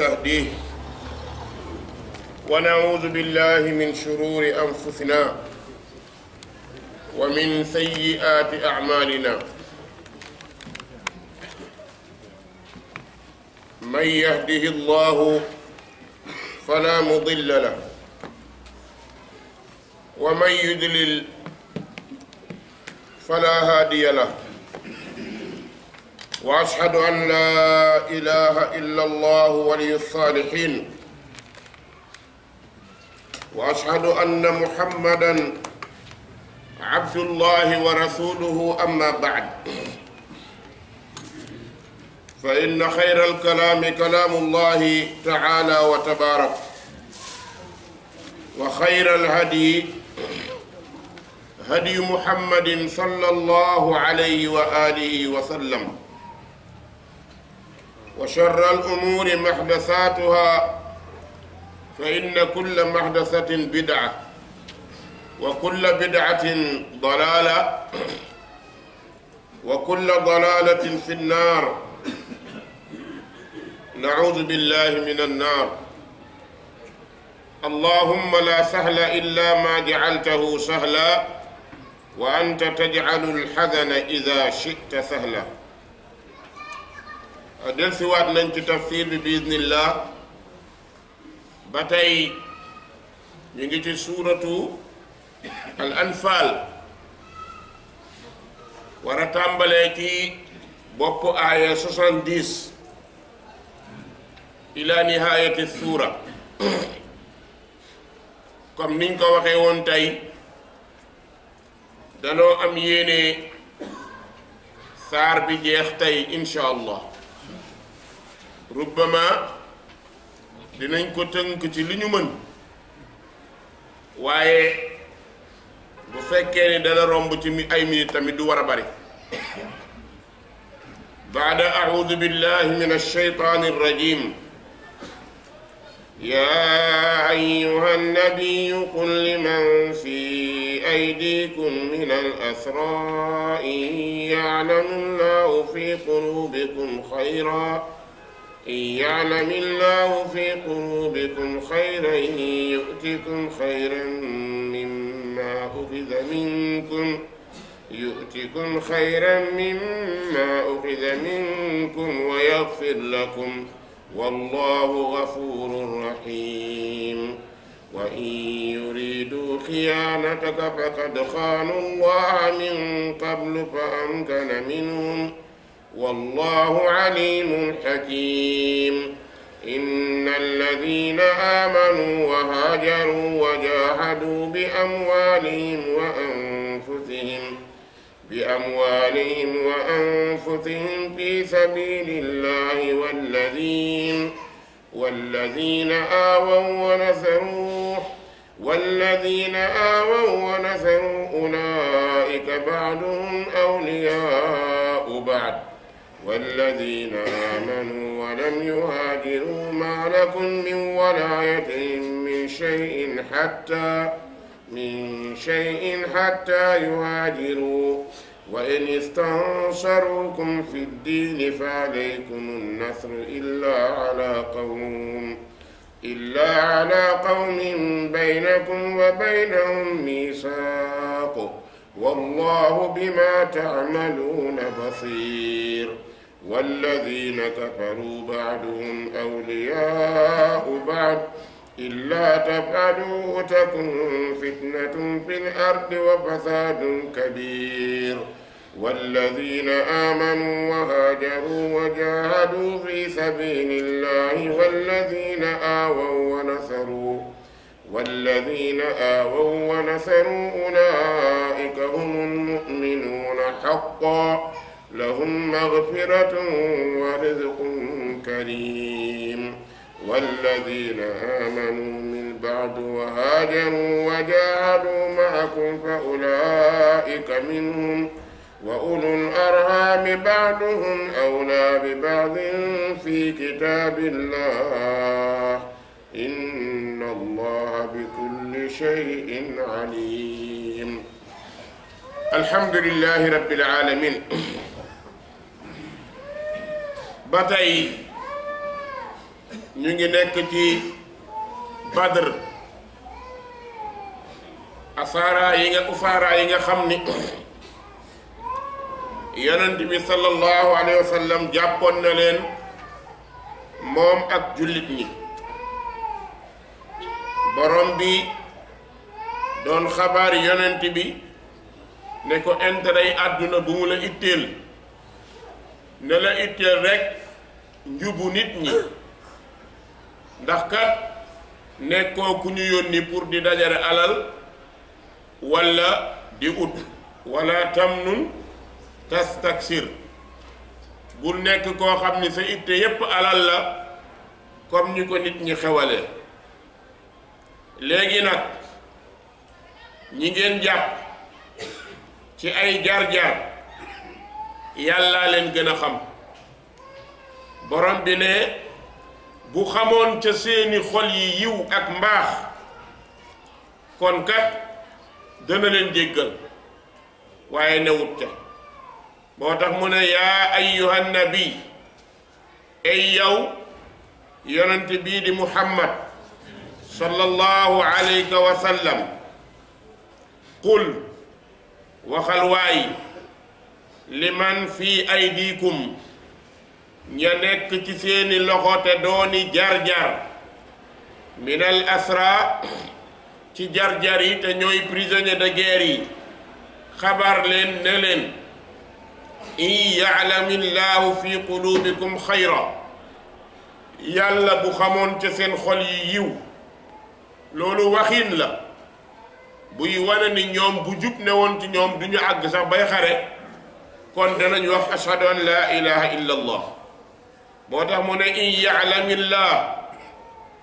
تهديه ونعوذ بالله من شرور أنفسنا ومن سيئات أعمالنا من يهده الله فلا مضل له ومن يدلل فلا هادي له واشهد ان لا اله الا الله ولي الصالحين واشهد ان محمدا عبد الله ورسوله اما بعد فان خير الكلام كلام الله تعالى وتبارك وخير الهدي هدي محمد صلى الله عليه واله وسلم وشر الأمور محدثاتها فإن كل محدثة بدعة وكل بدعة ضلالة وكل ضلالة في النار نعوذ بالله من النار اللهم لا سهل إلا ما جعلته سهلا وأنت تجعل الحزن إذا شئت سهلا del siwaat nañ ci tafsir bi biiznillah ba tey ñu ngi ci suuratu al anfaal war a tàmbalee ci bopp aaya 70 ila nihayati suura comme niñ ko waxee woon tey danoo am yéene saar bi jeex tey incha allah rubbama dinañ ko tënk ci li ñu mën waaye bu fekkee ni dana romb ci mi ay minit tamit du war a bari baada audu billahi min alshaytan alrajim yaa ayuha nnabiyu qul liman fi aydikum min alasra in yalamu llahu fi qulubikum xayra إن يعلم الله في قلوبكم خيرا يؤتكم خيرا مما أخذ منكم يؤتكم خيرا مما أخذ منكم ويغفر لكم والله غفور رحيم وإن يريدوا خيانتك فقد خانوا الله من قبل فأمكن منهم ۖ والله عليم حكيم إن الذين آمنوا وهاجروا وجاهدوا بأموالهم وأنفسهم بأموالهم وأنفسهم في سبيل الله والذين والذين آووا ونصروا والذين آووا ونصروا أولئك بعضهم أولياء والذين آمنوا ولم يهاجروا ما لكم من ولايتهم من شيء حتى من شيء حتى يهاجروا وإن استنصروكم في الدين فعليكم النصر إلا على قوم إلا على قوم بينكم وبينهم ميثاق والله بما تعملون بصير والذين كفروا بعضهم أولياء بعض إلا تفعلوه تكن فتنة في الأرض وفساد كبير والذين آمنوا وهاجروا وجاهدوا في سبيل الله والذين آووا ونصروا والذين آووا ونصروا أولئك هم المؤمنون حقا لهم مغفرة ورزق كريم والذين آمنوا من بعد وهاجروا وجاهدوا معكم فأولئك منهم وأولو الأرهام بعضهم أولى ببعض في كتاب الله إن الله بكل شيء عليم الحمد لله رب العالمين ba tey ñu ngi nekk ci badr asaara yi nga usaara yi nga xam ni yonent bi sallallahu alayhi wa jàppoon na leen moom ak jullit ñi borom bi doon xabaar yonent bi ne ko intérêt yi àdduna bu mu la itteel ne la itteel rekk njubu nit ñi ndax kat nekkoo ku ñu yónni pour di dajale alal wala di ut wala tamnun tastaksir bul nekk koo xam ni sa itte yépp alal la comme ñu ko nit ñi xewale léegi nag ñi ngeen jàpp ci ay jaar-jaar yàllaa leen gën a xam borom bi ne bu xamoon ca seeni xol yi yiw ak mbaax kon kat dana leen jéggal waaye newut ca boo tax mu ne yaa ayyuhan nabi ay yow yonent bii di muhammad sallallahu alayka wa sallam qul waxal waay liman fii aydikum ña nekk ci seeni loxo te dooni jar-jar minal asra ci jar-jar yi te ñooy prisonnier de guerre yi xabar leen ne leen in yaalamillaahu fi quluubikum xayra yàlla bu xamoon ca seen xol yi yiw loolu waxin la buy wane ni ñoom bu jub ne woon ci ñoom du ñu àgg sax bay xare kon danañ wax ashhadu an laa ilaha illa moo tax mu ne in yaalamillah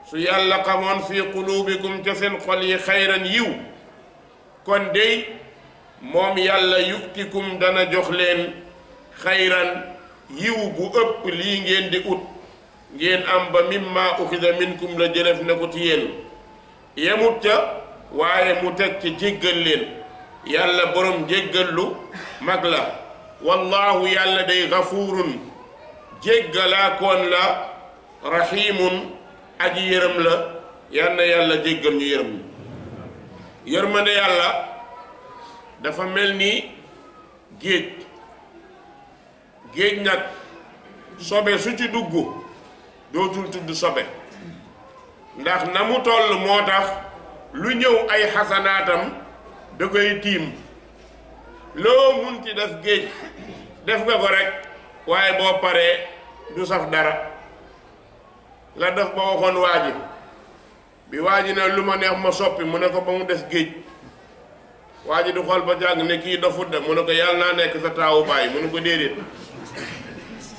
su yàlla xamoon fii quluubikum ca xol yi xayran yiw kon dey moom yàlla yuktikum dana jox leen xayran yiw bu ëpp lii ngeen di ut ngeen am ba mimma uxida la jëlef na ko ci yéen yemut ca waaye mu teg ci jéggal leen yàlla borom jéggallu mag la wallahu yàlla day gafuurun jéggalaakoon la raxiimun aj yërëm la yal yàlla jéggal ñu yërëm ñu yërmande yàlla dafa mel ni géej géej nag sobe su ci dugg dootul tudd sobe ndax na mu toll moo tax lu ñëw ay xasanaatam da koy tiim loo mun ci def géej def nga ko rek waaye boo paree du saf dara la def ba waxoon waa bi waa ji ne lu ma neex ma soppi mu ne ko ba mu des géej waa ji du xol ba jàng ne kii dofut de mu ne ko yàlla naa nekk sa taawu bàyyi mu ne ko déedéet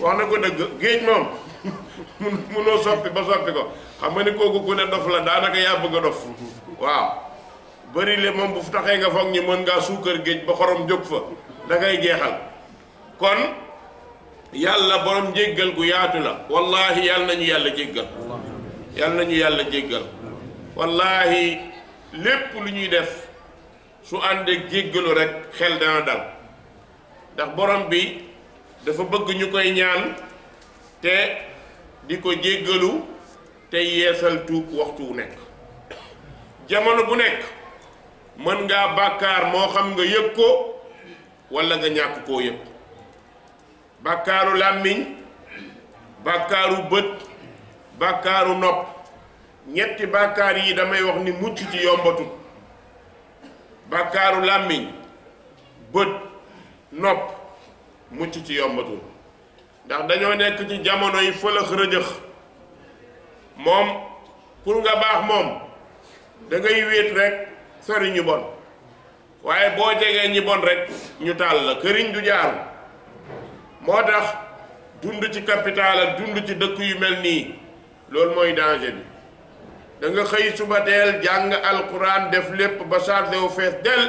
wax na ko dëgg géej moom munoo soppi ba soppi ko xam nga ni kooku ku ne dof la daanaka yaa bëgg a dof waaw bëri le moom bu taxee nga foog ñi mën ngaa suukar géej ba xorom jóg fa dangay ngay jeexal kon yàlla borom jéggal gu yaatu la wallaahi yàlla nañu yàlla jéggal yàlla nañu yàlla jéggal wallaahi lépp lu ñuy def su àndee jéggalu rek xel dana dal ndax borom bi dafa bëgg ñu koy ñaan te di ko jéggalu te yeesal tuub waxtu wu nekk jamono bu nekk mën ngaa bàkkaar moo xam nga yëg ko walla nga ñàkk koo yëg bàkkaaru làmmiñ bàkkaaru bët bàkkaaru nopp ñetti bàkkaar yi damay wax ni mucc ci yombatul bàkkaaru làmmiñ bët nopp mucc ci yombatul ndax dañoo nekk ci jamono yi fëlëx rëjëx moom pour nga baax moom da ngay wéet rekk sori ñu bon waaye boo jegee ñi bon rekk ñu taal la këriñ du jaar moo tax dund ci capital ak dund ci dëkk yu mel nii loolu mooy dange bi da nga xëy suba teel jàng alquran def lépp ba chargé wu fees del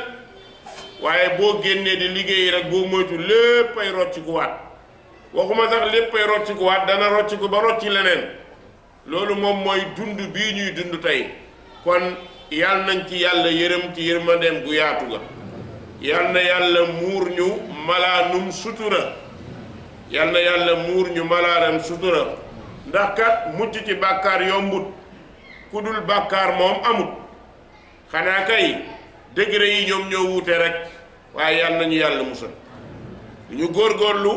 waaye boo génnee di liggéey rek boo moytu lépp ay roccikuwaat waxuma sax lépp ay roccikuwaat dana rocciku ba rocci leneen loolu moom mooy dund bii ñuy dund tey kon yal nañ ci yàlla yërëm ci yërmandeem gu yaatu ga yal na yàlla muur ñu malaanum sutura yal yàlla muur ñu malaanam sutura ndax kat mucc ci bàkkaar yombut ku dul bàkkaar moom amut xanaa kay degré yi ñoom ñoo wuute rek waaye yal nañu yàlla musal ñu góorgóorlu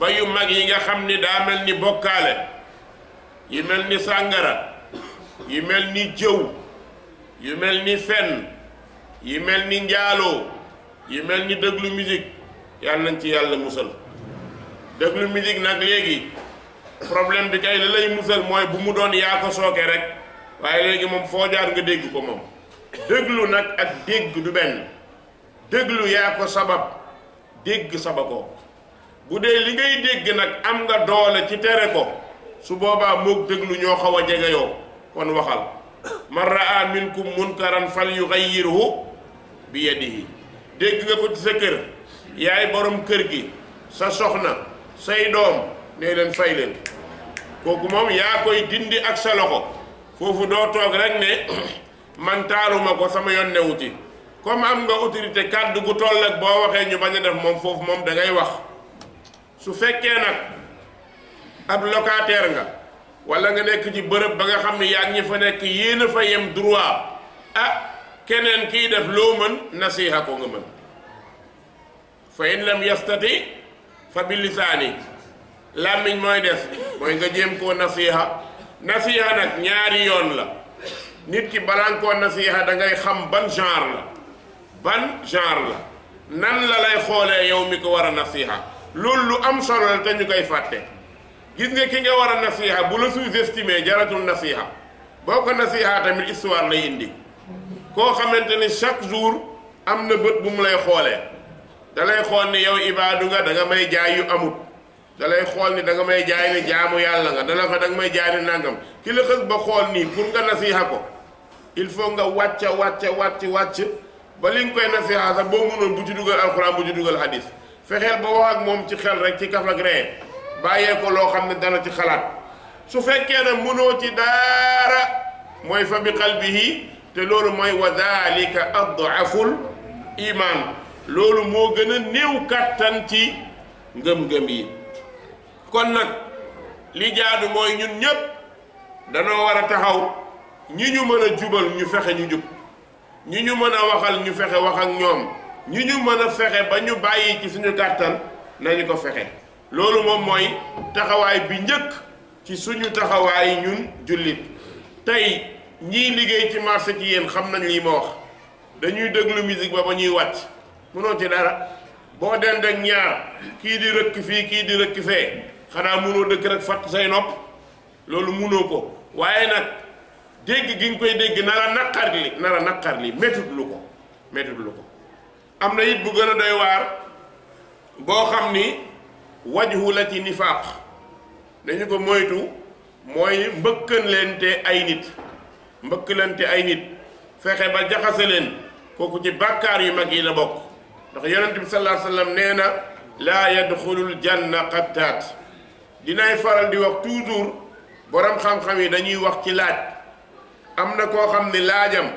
ba yu mag yi nga xam ni daa mel ni bokkaale yu mel ni sàngara yu mel ni jëw yu mel ni fenn yu mel ni njaaloo yi mel ni déglu musique yal nañ ci yàlla musal déglu musique nag léegi problème bi kay li lay musal mooy bu mu doon yaa ko sooke rek waaye léegi moom foo jaar nga dégg ko moom déglu nag ak dégg du benn déglu yaa ko sabab dégg sabakoo bu dee li ngay dégg nag am nga doole ci tere ko su boobaa moog déglu ñoo xaw a jege yoo kon waxal man raa minkum munkaran fal yugayyirhu bi yadihi dégg nga ko ci sa kër yaay borom kër gi sa soxna say doom nee leen fay leen kooku moom yaa koy dindi ak sa loxo foofu doo toog rek ne man taaluma ko sama yoon newu ci comme am nga autorité kàddu gu toll ak boo waxee ñu bañ a def moom foofu moom dangay wax su fekkee nag ab locataire nga wala nga nekk ci bërëb ba nga xam ne yaa ngi fa nekk yéen a fa yem droit ah keneen kiy def loo mën nasiha ko nga mën fa in lam yastati fa bi lisaani làmmiñ mooy des mooy nga jéem koo nasiha nasiha nag ñaari yoon la nit ki balaan koo nasiha da xam ban genre la ban genre la nan la lay xoolee yow mi ko war a nasiha loolu lu am solo la te ñu koy fàtte gis nga ki nga war a nasiha bu la sous-estimé jaratul nasiha boo ko nasiha tamit histoire lay indi koo xamante ni chaque jour am na bët bu mu lay xoolee da lay xool ni yow ibaadu nga da nga may jaay yu amut da lay xool ni danga may jaay ni jaamu yàlla nga dala fa da may jaay ni nangam ki la ba xool nii pour nga nasiha ko il faut nga wàcc wàcc wàcc wàcc ba li nga koy nasiha sax boo mënoon bu ci dugal alxuraan bu ci dugal hadis fexeel ba wax ak moom ci xel rek ci kaf ak ree bàyyee loo xam ne dana ci xalaat su fekkee ne mënoo ci daara mooy fa bi qalbihi te loolu mooy wa dalika adaful loolu moo gën a néew kàttan ci ngëm-ngëm yi kon nag li jaadu mooy ñun ñépp danoo war a taxaw ñi ñu mën a jubal ñu fexe ñu jub ñi ñu mën a waxal ñu fexe wax ak ñoom ñi ñu mën a fexe ba ñu bàyyi ci suñu kàttan nañu ko fexe loolu moom mooy taxawaay bi njëkk ci suñu taxawaay ñun jullit tey ñii liggéey ci marché ci xam nañ lii ma wax dañuy déglu musique ba ba ñuy wàcc mënoo ci dara boo dend ak ñaar kii di rëkk fii kii di rëkk fee xanaa mënoo dëkk rek fàtt say nopp loolu mënoo ko waaye nag dégg gi nga koy dégg nara naqar li nara naqar li métut lu ko métut lu ko am na it bu gën a doy waar boo xam ni wajhu la ci nifaaq dañu ko moytu mooy mbëkkanlente ay nit mbëkkalante ay nit fexe ba jaxase leen kooku ci bàkkaar yu mag yi la bokk ndax yonent bi sallallahu alayhi nee na laa yadxulul janna qattaat dinaay faral di wax toujours borom xam-xam yi dañuy wax ci laaj am na koo xam ne laajam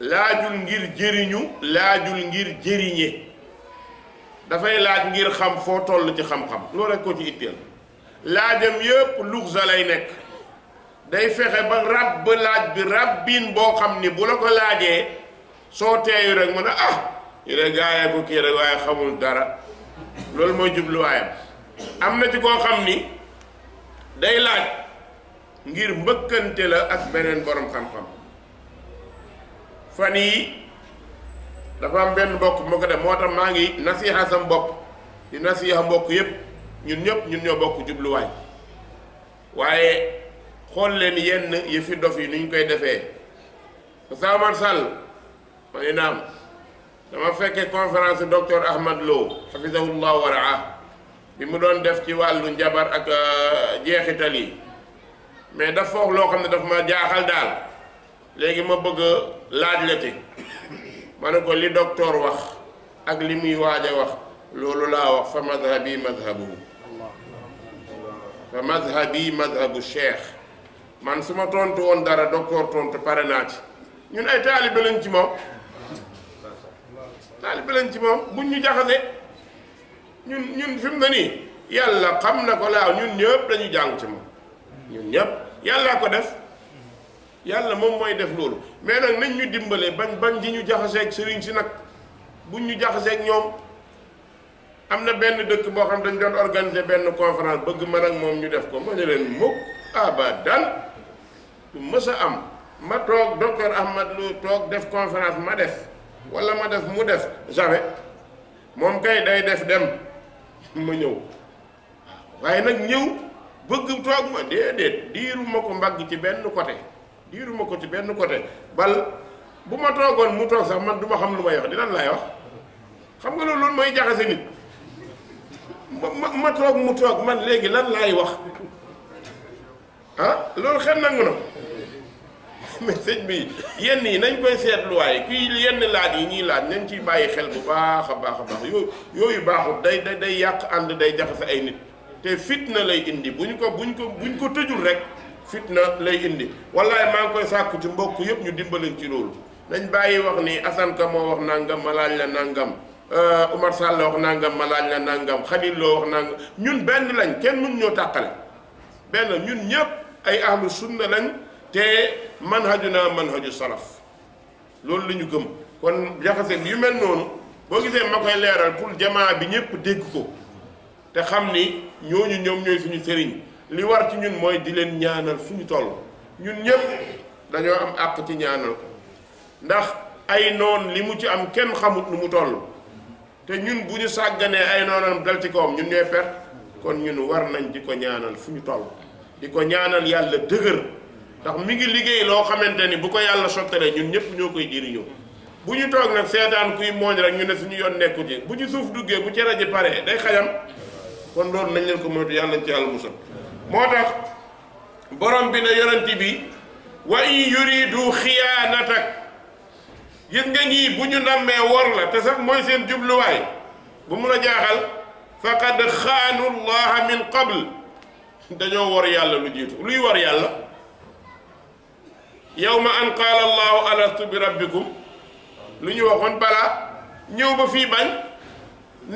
laajul ngir jëriñu laajul ngir jëriñe dafay laaj ngir xam foo toll ci xam-xam loolu rek ko ci itteel laajam yépp luxsa lay nekk day fexe ba ràbb laaj bi ràbbin boo xam ni bu la ko laajee soo teeyu rek mën a ah yi de gaayee ko kii rek waaye xamul dara loolu mooy jubluwaayam am na ci koo xam ni day laaj ngir mbëkkante la ak beneen borom xam-xam fan yi dafa am benn mbokk moo ko def moo tax maa ngi nasiha sam bopp di nasiha mbokk yépp ñun ñëpp ñun ñoo bokk jubluwaay waaye xool leen yenn yëfi dof yi ni ñu koy defee Ousmane Sall ma ne naam dama fekkee conférence docteur Ahmad Lo xafisahullah waraa bi mu doon def ci wàllu njabar ak euh, jeexital yi mais daf foofu loo xam ne daf ma jaaxal daal léegi ma bëgg a laaj la ci ma ne ko li docteur wax ak li muy waaj a wax loolu laa wax fa madhabi madhabu fa madhabi madhabu cheikh man su ma tontu woon dara docteur tontu pare naa ci ñun ay taalibe lañ ci moom taalibe lañ ci moom buñ ñu jaxase ñun ñun fi mu nii yàlla xam na ko laaw ñun ñëpp lañu jàng ci moom ñun ñëpp yàllaa ko def yàlla moom mooy def loolu mais nag nañ ñu dimbalee bañ bañ di ñu jaxaseeg sëriñ si nag bu ñu jaxaseeg ñoom am na benn dëkk boo xam dañ doon organiser benn conférence bëgg ma ak moom ñu def ko ma ne leen mukk abadan du mës a am ma toog docteur Ahmad Lo toog def conférence ma def wala ma def mu def jamais moom kay day def dem ma ñëw waaw waaye nag ñëw bëgg toog ma déedéet diiru ma ko mbagg ci benn côté diiru ma ko ci benn côté bal bu ma toogoon mu toog sax man du ma xam lu may wax di lan laay wax xam nga loolu loolu mooy jaxase nit ma ma toog mu toog man léegi lan laay wax ah loolu xet nangu na mais bi yenn yi nañ koy seetluwaay kii yenn laaj yi ñuy laaj nañ ciy bàyyi xel bu baax a baax a baax yooyu yooyu day day day yàq ànd day jaxase ay nit te fitna lay indi bu ñu ko buñ ko buñ ko tëjul rek fitna lay indi wallaay maa ngi koy sàkku ci mbokk yëpp ñu dimbaliñ ci loolu nañ bàyyi wax ni Assane moo wax nangam ma la nangam euh, Umar Sall la wax nangam ma la nangam Khalil loo wax nangam ñun benn lañ kenn mën ñoo tàqale benn ñun ñëpp a ahlu lañ te manhaju naa manhaju salaf loolu la ñu gëm kon jaxase yu mel noonu boo gisee ma koy leeral pour jamaa bi ñëpp dégg ko te xam ni ñooñu ñoom ñooy suñu sëriñ li war ci ñun mooy di leen ñaanal fu ñu toll ñun ñëpp dañoo am àq ci ñaanal ko ndax ay noon li mu ci am kenn xamut nu mu toll te ñun bu ñu sàgganee ay noonam dal ci kawam ñun ñooy perte kon ñun war nañ di ko ñaanal suñu toll di ko ñaanal yàlla dëgër ndax mi ngi liggéey loo xamante ni bu ko yàlla sottalee ñun ñëpp ñoo koy jëriñoo bu ñu toog nag seetaan kuy mooñ rek ñu ne suñu yoon nekku ci bu ci suuf duggee bu ci rajo paree day xajam kon loolu nañ leen ko moytu yàlla nañ ci yàlla musal moo tax borom bi ne yonent bi wa in yuridu xiyaanatak gis nga ñii bu ñu nammee wor la te sax mooy seen jubluwaay bu mun a jaaxal faqad xaanu llaha min qabl dañoo wor yàlla lu jiitu luy war yàlla yawma an qaala allahu alastu bi rabbikum lu ñu waxoon balaa ñëw ba fii bañ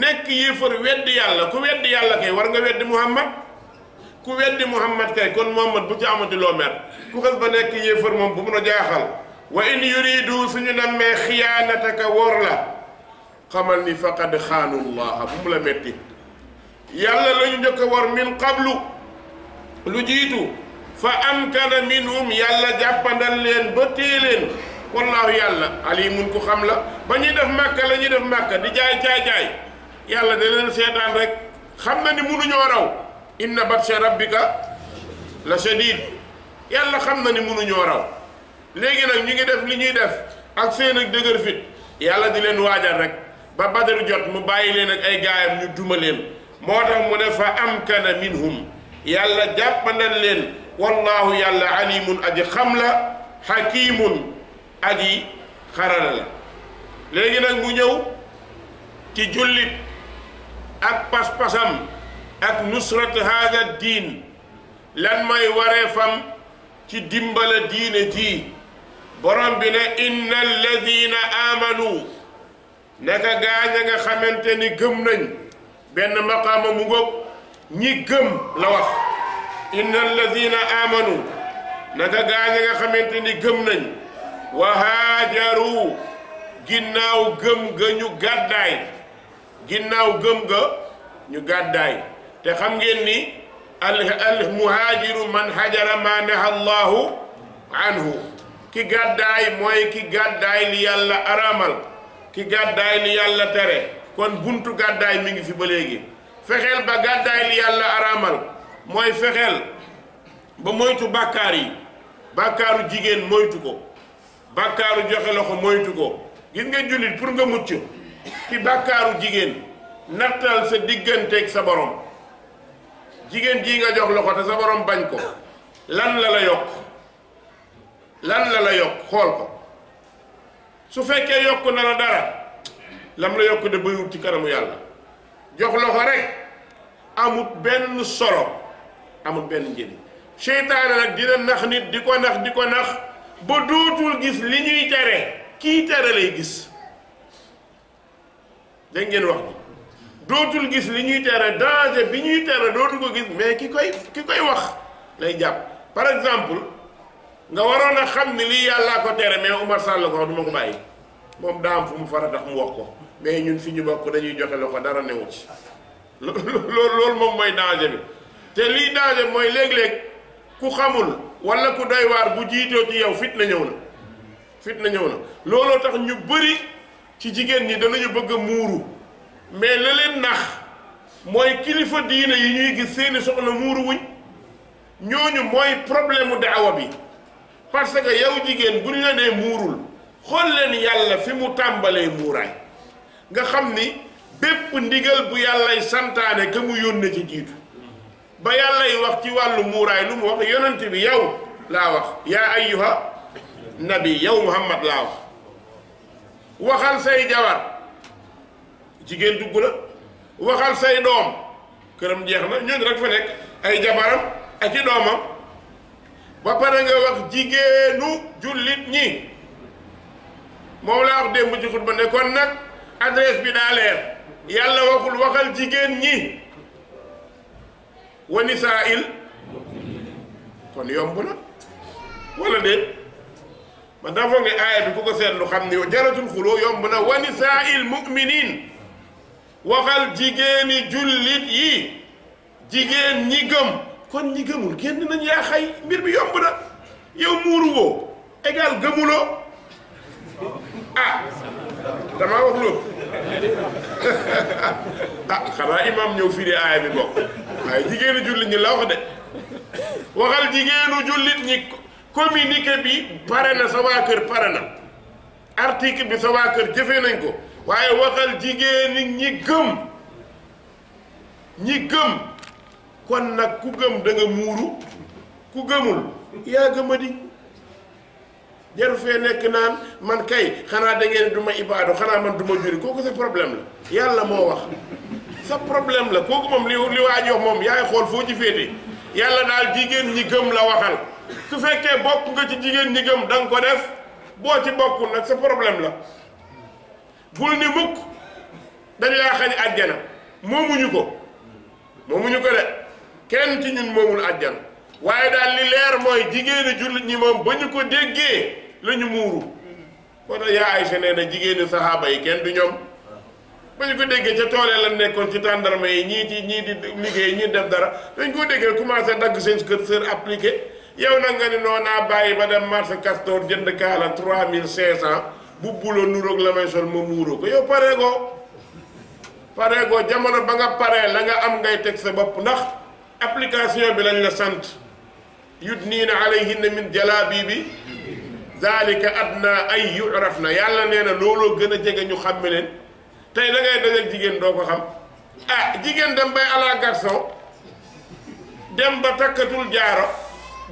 nekk yéefar weddi yàlla ku weddi yàlla kay war nga weddi muhammad ku weddi muhammad kay kon muhammad bu ci amati loo mer ku xas ba nekk yéefar moom bu mun a jaaxal wa in yuridu suñu nammee xiyaanataka wor la xamal ni faqad xaanu llaha bu mu la metti yàlla la ñu njëkk a min qablu lu jiitu fa amkana minhum yàlla jàppandal leen ba téye leen wallaahu yàlla mun ko xam la ba ñuy def màkka la ñuy def màkka di jaay jaay jaay yàlla da leen seetaan rek xam na ni munuñoo raw inna batsha rabbika la shadid yàlla xam na ni munuñoo raw léegi nag ñu ngi def li ñuy def ak seen ak dëgër yàlla di leen waajal rek ba badar jot mu bàyyi leen ak ay gaayam ñu duma leen moo tax mu ne fa am amkana minhum yàlla jàppandal leen wallahu yàlla alimun aji xam la hakimun aji xarala la léegi nag mu ñëw ci jullit ak pas ak nusrat hada diin lan mooy wareefam ci dimbala diine ji borom bi ne inna alladina amanu naka gaañ a nga xamante ni gëm nañ benn maqaama mu ngóob ñi gëm la wax inna alladina amanu naka gaa ñi nga xamante ni gëm nañ wa haajaru ginnaaw gëm ga ñu gàddaay ginnaaw gëm ga ñu gàddaay te xam ngeen ni al al muhaajiru man hajara ma naha allahu anhu ki gàddaay mooy ki gàddaay li yàlla araamal ki gàddaay li yàlla tere kon buntu gàddaay mi ngi fi ba léegi fexeel ba gàddaay li yàlla araamal mooy fexeel ba moytu bàkkaar yi bàkkaaru jigéen moytu ko bàkkaaru joxe loxo moytu ko gis nga jullit pour nga mucc ci bàkkaaru jigéen nattal sa digganteeg sa borom jigéen jii nga jox loxo te sa borom bañ ko lan la la yokk lan la la yokk xool ko su fekkee yokk na la dara lam la yokk de bay wut ci kanamu yàlla jox loxo rek amut benn solo amul benn njëriñ seytaane nag dina nax nit di ko nax di ko nax ba dootul gis li ñuy tere kii tere lay gis dégg ngeen wax bi dootul gis li ñuy tere danger bi ñuy tere dootul ko gis mais ki koy ki koy wax lay jàpp par exemple nga waroon a xam ni lii yàllaa ko tere mais Umar Sall ko wax du ko bàyyi moom daa am fu mu fara tax mu wax ko mais ñun fi ñu bokk dañuy joxe ko dara newu ci loolu loolu moom mooy danger bi te lii danger mooy léeg-léeg ku xamul wala ku doy bu jiitoo ci yow fitna ñëw na fitna ñëw na looloo tax ñu bëri ci jigéen ñi danañu bëgg a muuru mais la leen nax mooy kilifa diine yi ñuy gis seeni soxna muuru wuñ ñooñu mooy problème mu daawa bi parce que yow jigéen bu ñu la nee muurul xool leen yàlla fi mu tàmbalee muuraay nga xam ni bépp ndigal bu yàllay santaane que mu yónne ci jiitu ba yàllay wax ci wàllu muuraay lu mu wax yonent bi yow laa wax yaa ayyuha nabi yow muhammad laa wax waxal say jabar jigéen dugg la waxal say doom këram jeex na ñun rek fa nekk ay jabaram ak i doomam ba pare nga wax jigéenu jullit ñi moom laa wax démb ci xutba ne kon nag adresse bi daa leer yàlla waxul waxal jigéen ñi wa nisaa'il kon yomb na wala déet man daa foog aaya bi ku ko seetlu xam ne yow jaratul xuloo yomb na wa nisaa'il mu'minin waxal jigéeni jullit yi jigéen ñi gëm kon ñi gëmul génn nañ yaa xay mbir bi yomb na yow muuru woo égal gëmuloo ah damaa wax loolu ah xanaa imaam ñëw firi aaya bi bokk waaye jigéenu jullit ñi la wax de waxal jigéenu jullit ñi communiqué bi pare na sa kër pare na article bi sa kër jëfe nañ ko waaye waxal jigéen ñi gëm ñi gëm kon nag ku gëm da muuru ku gëmul yaa gëmadi jaru fee nekk naan man kay xanaa da ngeen du ma ibaadu xanaa man du ma juri kooku sa problème la yàlla moo wax sa problème la kooku moom li li waa jox moom yaay xool foo ci féete yàlla daal jigéen ñi gëm la waxal su fekkee bokk nga ci jigéen ñi gëm da nga ko def boo ci bokkul nag sa problème la bul ni mukk dañ laa xañ àjjana moomuñu ko moomuñu ko de kenn ci ñun moomul àjjana waaye daal li leer mooy jigéeni jullit ñi moom ba ñu ko déggee la ñu muuru moo tax yaa Aysa nee na jigéenu saxaaba yi kenn du ñoom ba ñu ko déggee ca tool la nekkoon ci tàndarma yi ñii ci ñii di liggéey ñii def dara dañ koo déggee commencé dagg seen kër sër appliqué yow nag nga ni noo naa bàyyi ba dem marché Castor jënd kaala trois mille cinq cent bu bulo nuroog la may sol ma muuroo ko yow paree ko paree ko jamono ba nga paree la nga am ngay teg sa bopp ndax application bi lañ la sant yudniina alayhinna min jalaabiibi zalika adna ay yuraf na yàlla nee na looloo gën a jege ñu xàmme leen tey da ngay dajeeg jigéen doo ko xam ah jigéen dem bay ala garçon dem ba takkatul jaaro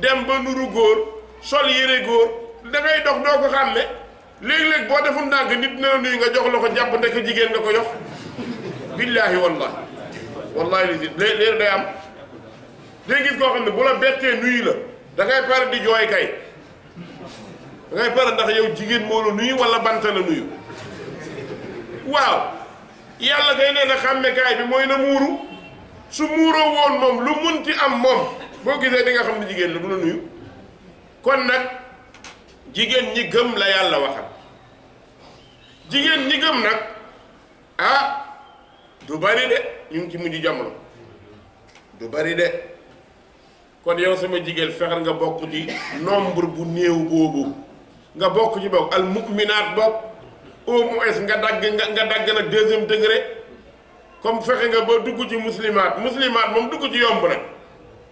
dem ba nuru góor sol yére góor da dox doo ko xàmme léeg-léeg boo defum ndànk nit na la nuyu nga jox la ko jàpp ndekk jigéen nga ko jox billaahi wallahi wallahi li léeg-léeg day am léegi gis koo xam ne bu la bettee nuyu la da pare di jooy kay da ngay pare ndax yow jigéen moo la nuyu wala bant la nuyu waaw yàlla kay nee na xàmmekaay bi mooy na muuru su muuroo woon moom lu munti am moom boo gisee di nga xam ne jigéen la du la nuyu kon nag jigéen ñi gëm la yàlla waxal jigéen ñi gëm nag ah du bari de ñu ngi ci mujj jamono du bari de kon yow sama jigéen fexeel nga bokk ci nombre bu néew boobu nga bokk ci bokk al mu'minaat bokk au moins nga dagg nga nga dagg nag deuxième degré comme fexe nga ba dugg ci muslimaat muslimaat moom dugg ci yomb nag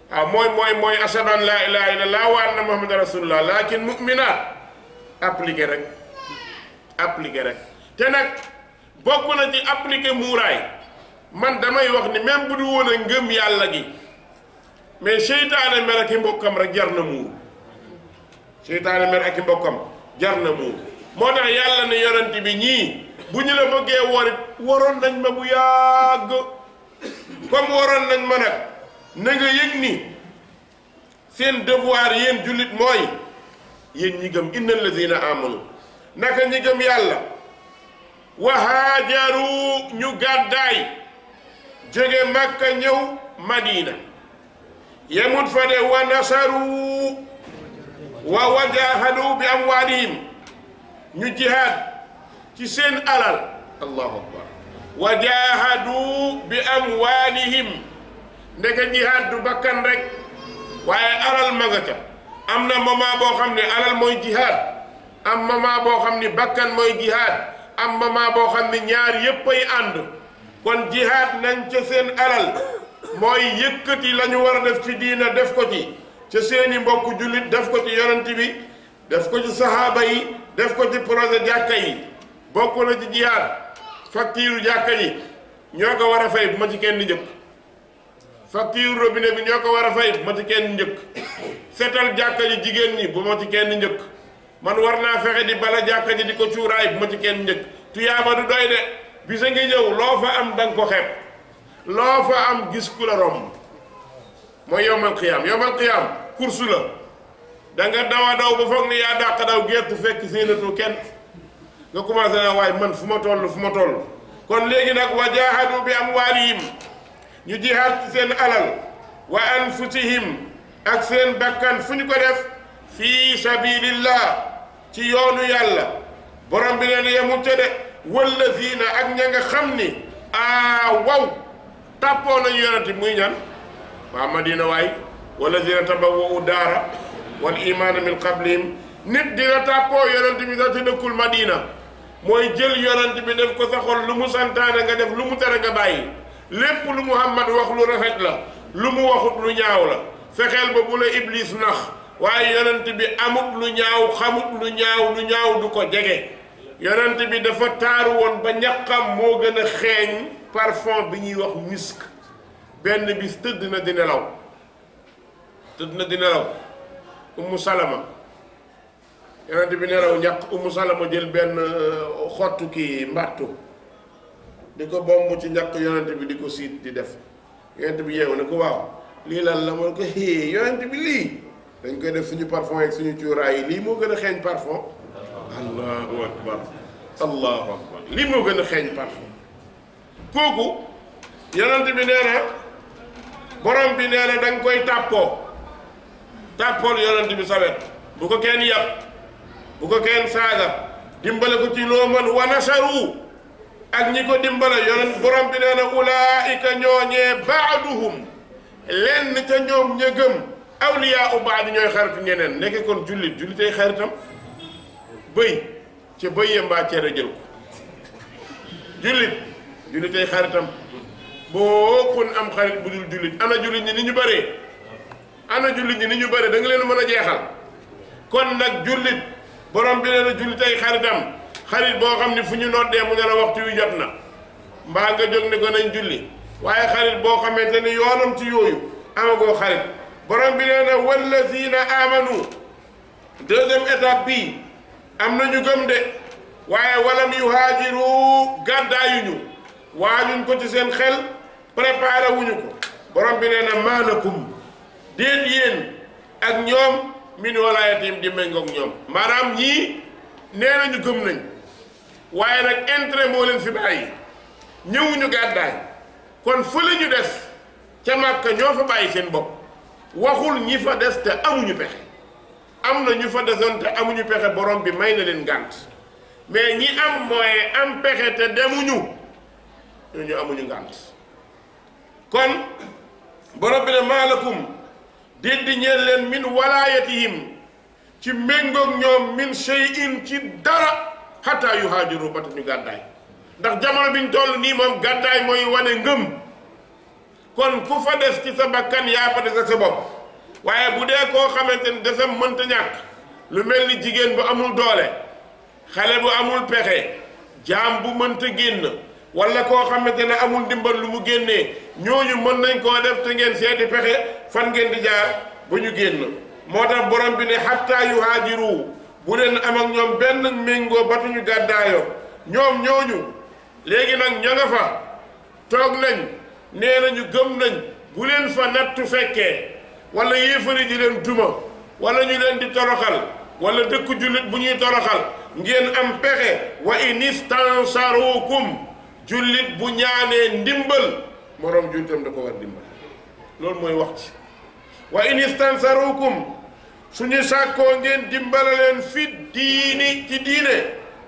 waaw mooy mooy mooy ashhadu an laa ilaaha illallaah wa anna laakin mu'minaat appliqué rek appliqué rek te nag bokk na ci appliqué muuraay man damay wax ni même bu du woon a ngëm yàlla gi mais seytaane mer ak i mbokkam rek jar na muur seytaane mer i mbokkam jar na muur moo tax yàlla ne yonent bi ñii bu ñu la bëggee worit waroon nañ ma bu yàgg comme waroon nañ ma nag na nga yëg ni seen devoir yéen jullit mooy yéen ñi gëm inna allazina amanu naka ñi gëm yàlla wa haajaru ñu gàddaay jóge Makka ñëw Madina yemut fa de wa nasaru wa wajahadu bi amwalihim ñu jihaad ci seen alal allahu akbar wa jahadu bi amwalihim ndeke jihaad du bakkan rek waaye alal ma am na moment boo xam ne alal mooy jihaad am moment boo xam ne bakkan mooy jihaad am moment boo xam ne ñaar yépp ay ànd kon jihaad nañ ca seen alal mooy yëkkati la ñu war a def ci diina def ko ci ca seeni mbokk jullit def ko ci yorant bi def ko ci saxaaba yi def ko ci projet jàkka yi bokk na ci jiyaat facture jàkka yi ñoo ko war a fay bu ma ci kenn njëkk facture robinet bi ñoo ko war a fay bu ci kenn njëkk setal jàkka yi jigéen ñi bu ma ci kenn njëkk man war naa fexe di bala jàkka ji di ko cuuraay bu ma ci kenn njëkk tuyaaba du doy de bisa ngi ñëw loo fa am dang ko xeeb loo fa am gis ku la romb mooy yowmal qiyaam yowmal qiyaam kursu la da nga daw daw ba foog ni yaa dàq daw gerte fekk séenatu kenn nga commencé na waaye man fu ma toll fu ma toll kon léegi nag waa jaahadu bi amwaalihim ñu jihaad seen alal wa anfusihim ak seen bakkan fu ñu ko def fii sabilillah ci yoonu yàlla borom bi leen yemut de wallazina ak ña nga xam ni aa waw tàppoo nañu yonent muy ñan waa madina waay walladina woowu daara wal imaana min qablihim nit dina tàppoo yonent bi sax te dëkkul madina mooy jël yonent bi def ko sa xol lu mu santaane nga def lu mu tere nga bàyyi lépp lu mu muhammad wax lu rafet la lu mu waxut lu ñaaw la fexeel ba bu la iblis nax waaye yonent bi amut lu ñaaw xamut lu ñaaw lu ñaaw du ko jege yonent bi dafa taaru woon ba ñaqam moo gën a xeeñ parfum bi ñuy wax misk benn bi tëdd na di nelaw tëdd na di nelaw ummu salama yonent bi nelaw ñàkk ummu salama jël benn euh, xottu kii mbattu di ko bomb ci ñàkk yonent bi di ko siit di def yonent bi yeewu ne ko waaw lii lan la mën ko xii yonent bi lii dañ koy def suñu parfum ak suñu cuuraay yi lii moo gën a xeeñ parfum allahu akbar allahu akbar lii moo gën a xeeñ parfum kooku yonent bi nee borom bi nee na da nga koy tàppoo tàppool yonent bi sawet bu ko kenn yàpp bu ko kenn saaga dimbale ko ci loo wa nasaru ak ñi ko dimbale yonent borom bi nee na ulaayika ñooñee baaduhum lenn ca ñoom ña awliyaa u baad ñooy xaritu ñeneen nekk kon jullit jullitay xaritam bëy ca bëyee mbaa cere jël ko jullit jullitay xaritam boo kon am xarit bu dul jullit ana jullit ñi ni ñu bëree ana jullit ñi ni ñu bëree da nga leen mën a jeexal kon nag jullit borom bi leen a jullit ay xaritam xarit boo xam ni fu ñu noddee mu ne la waxtu yu jot na mbaa nga jóg ne ko nañ julli waaye xarit boo xamante ni yoonam ci yooyu amagoo xarit borom bi nee na wallazina amanu deuxième étape bii am na ñu gëm de waaye walam yuhaajiru gàddaayuñu waajuñ ko ci seen xel préparé wuñu ko borom bi nee na maanakum déet yéen ak ñoom min walaayatim di méngoog ñoom maanaam ñii nee nañu gëm nañ waaye nag intérêt moo leen fi bàyyi ñëwuñu gàddaay kon fa la des ca Màkka ñoo fa bàyyi seen bopp waxul ñi fa des te amuñu pexe am na ñu fa desoon te amuñu pexe borom bi may na leen ngànt mais ñi am mooy am pexe te demuñu ñooñu amuñu ngànt kon borom bi ne maalakum dindi ñeen leen min walaayatihim ci méngoog ñoom min shay'in ci dara xataa yu haajiru ba ñu gàddaay ndax jamono biñ toll nii moom gàddaay mooy wane ngëm kon ku fa des ci sa bakkan yaa fa des sa bopp waaye bu dee koo xamante ni desam mënta ñàkk lu mel ni jigéen bu amul doole xale bu amul pexe jaam bu mënta génn wala koo xamante ne amul ndimbal lu mu génnee ñooñu mën nañ koo def te ngeen seeti pexe fan ngeen di jaar ba ñu génn moo tax borom bi ne xattaa yu haajiru bu leen am ak ñoom benn méngoo batuñu gàddaayo ñoom ñooñu léegi nag ña nga fa toog nañ nee nañu gëm nañ bu leen fa nattu fekkee wala yéefari di leen duma wala ñu leen di toroxal wala dëkku jullit bu ñuy toroxal ngeen am pexe wa in istansarukum jullit bu ñaanee ndimbal moroom jullitam da ko war dimbal loolu mooy wax ci wa in istansarukum suñu sàkkoo ngeen dimbala leen fi diini ci diine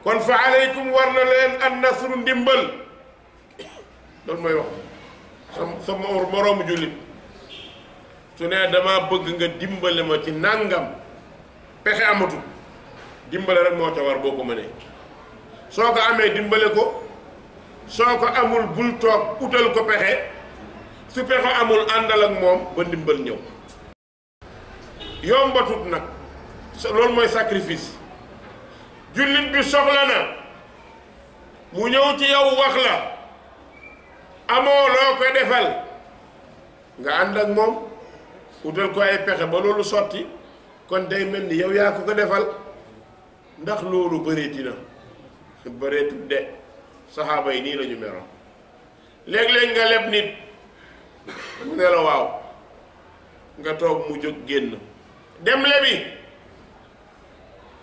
kon fa aleykum war na leen an nasru ndimbal loolu mooy wax ci sa moroomu jullit su ne dama bëgg nga dimbale ma ci nàngam pexe amatul dimbale rek moo ca war boo ko mënee soo ko amee dimbale ko soo ko amul bul toog utal ko pexe su pexe amul àndal ak moom ba ndimbal ñëw yombatut nag loolu mooy sacrifice jullit bi soxla na mu ñëw ci yow wax la amoo loo ko defal nga ànd ak moom utal ko ay pexe ba loolu sotti kon day mel ni yow yaa ko ko defal ndax loolu bëreeti na bëreetut de saxaaba yi nii la ñu meroon léeg-léeg nga leb nit mu ne la waaw nga toog mu jóg génn dem lebi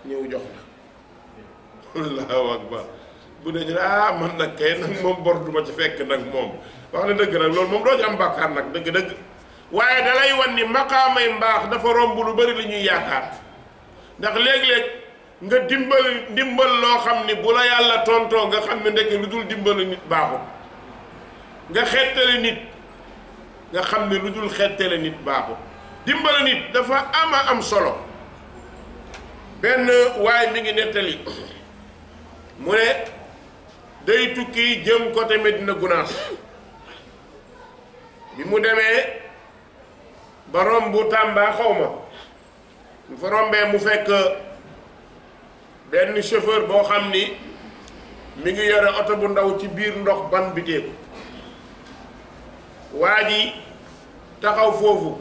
ñëw jox la allahu akbar bu dee ñu ne ah man nag kay nag moom bor duma ci fekk nag moom wax ne dëgg nag loolu moom doo ci am bàkkaar nag dëgg-dëgg waaye dalay wan ni maqaamay mbaax dafa romb lu bari li ñuy yaakaar ndax léeg-léeg nga dimbal dimbal loo xam ni bu la yàlla tontoo nga xam ne ndekk lu dul dimbalu nit baaxul nga xettale nit nga xam ne lu dul xettale nit baaxul dimbal nit dafa ama am solo benn waaye mi ngi nettali mu ne day tukki jëm côté Medina Gunaas bi mu demee ba romb Tàmba xaw ma mu fa rombee mu fekk benn chauffeur boo xam ni mi ngi yore oto bu ndaw ci biir ndox ban bi téeku waa ji taxaw foofu